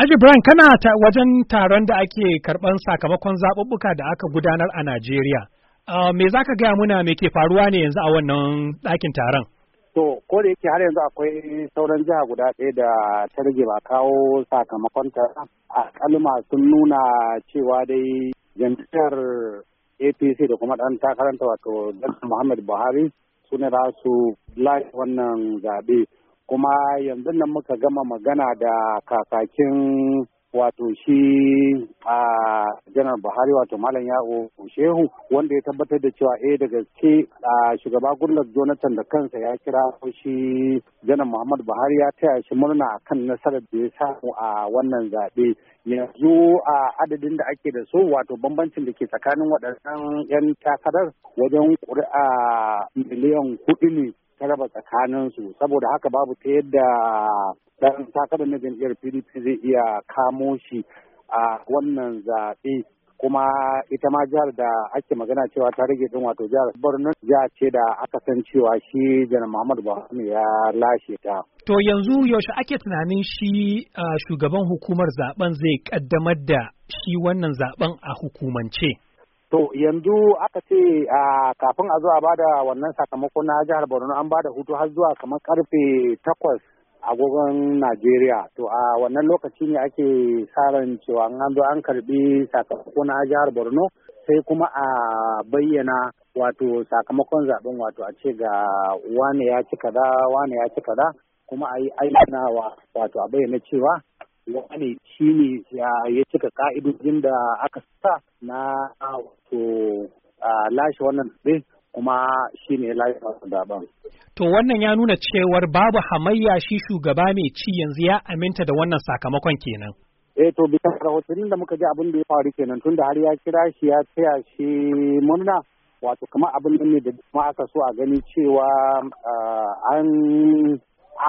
Aji Brian kana ta wajen taron da ake karɓan sakamakon zaɓuɓɓuka da aka gudanar a Najeriya. Ah, me za ka gaya muna me ke faruwa ne yanzu a wannan ɗakin taron? To, ko da yake har yanzu akwai sauran jiha guda ɗaya da ta rage ba kawo sakamakon taron. a kalma sun nuna cewa dai jam'iyyar APC da kuma ɗan takaranta wato Muhammad Buhari su ne za su wannan zaɓe. kuma yanzu nan muka gama magana da kakakin wato shi a janar buhari wato malam yawo shehu wanda ya tabbatar da cewa eh da gaske a shugaba goodluck jonathan da kansa ya kira shi janar muhammad buhari ya taya shi murna akan nasarar da ya samu a wannan zaɓe yanzu a adadin da ake da so wato bambancin da ke tsakanin waɗannan 'yan takarar wajen ƙuri'a miliyan hudu ne raba su saboda haka babu ta yadda dan takarar na jam'iyyar pdp zai iya kamo shi a wannan zaɓe kuma ita ma jihar da ake magana cewa ta rage din wato jihar borno jiha ce da aka san cewa shi janar muhammadu buhari ya lashe ta to yanzu yaushe ake tunanin shi shugaban hukumar zaben zai kaddamar da shi wannan zaben a hukumance To yanzu aka ce kafin a zo a bada wannan sakamako na jihar Borno an bada hutu har zuwa kamar karfe takwas agogon Najeriya. To a wannan lokaci ne ake saran cewa an zo an karbi sakamako na jihar Borno sai kuma a bayyana wato sakamakon zaben wato a ce ga wane ya ci kaza wane ya ci kaza kuma a yi aikinawa wato a bayyana cewa wane shi ne ya cika ka'idojin da aka sa na wato lashe wannan tsaye kuma shi ne lashe wannan daban. To wannan ya nuna cewar babu hamayya shi shugaba mai ci yanzu ya aminta da wannan sakamakon kenan. eh to bisa rahotannin da muka ji abin da ya faru kenan tun da har ya kira shi ya taya shi murna wato kamar abin da ne da kuma aka so a gani cewa an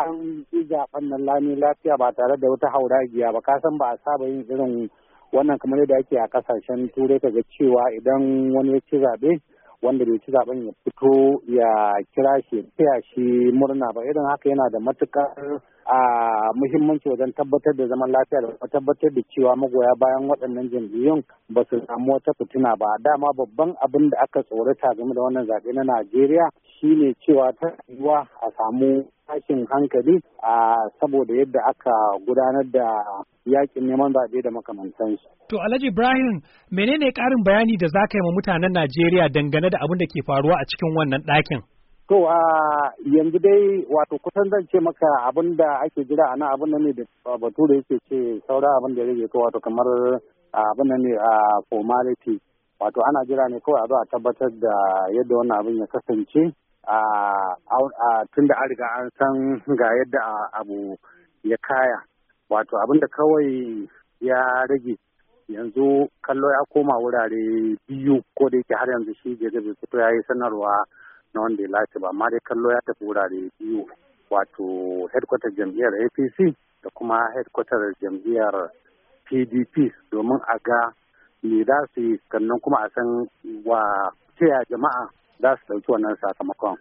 an yi zaben nan lami lafiya ba tare da wata hauragiya ba ka san ba a saba yin irin wannan kamar yadda ake a kasashen turai ka ga cewa idan wani ya ci zaɓe wanda bai ci zaɓen ya fito ya kira shi ya shi murna ba irin haka yana da matukar a muhimmanci wajen tabbatar da zaman lafiya da tabbatar da cewa magoya bayan waɗannan jam'iyyun ba su samu wata fitina ba dama babban abin da aka tsorata game da wannan zaɓe na najeriya shine cewa ta yiwuwa a samu tashin hankali a saboda yadda aka gudanar da yakin neman zaɓe da makamantansu. To Alhaji Ibrahim menene ƙarin bayani da za ka yi ma mutanen Najeriya dangane da abin da ke faruwa a cikin wannan ɗakin? To a yanzu dai wato kusan zan ce maka abin da ake jira a nan abin nan ne da bature yake ce saura abin da ya rage wato kamar abin nan ne a formality wato ana jira ne kawai a zo a tabbatar da yadda wannan abin ya kasance tun da an riga an san ga yadda abu ya kaya wato abinda kawai ya rage yanzu kallo ya koma wurare biyu ko da yake har yanzu shi je bai fito ya yi sanarwa na wanda ya lati ba amma dai kallo ya tafi wurare biyu wato headquarter jam'iyyar apc da kuma headquarter jam'iyyar pdp domin a ga me za su yi sannan kuma a san wa a jama'a za su ɗauki wannan sakamakon.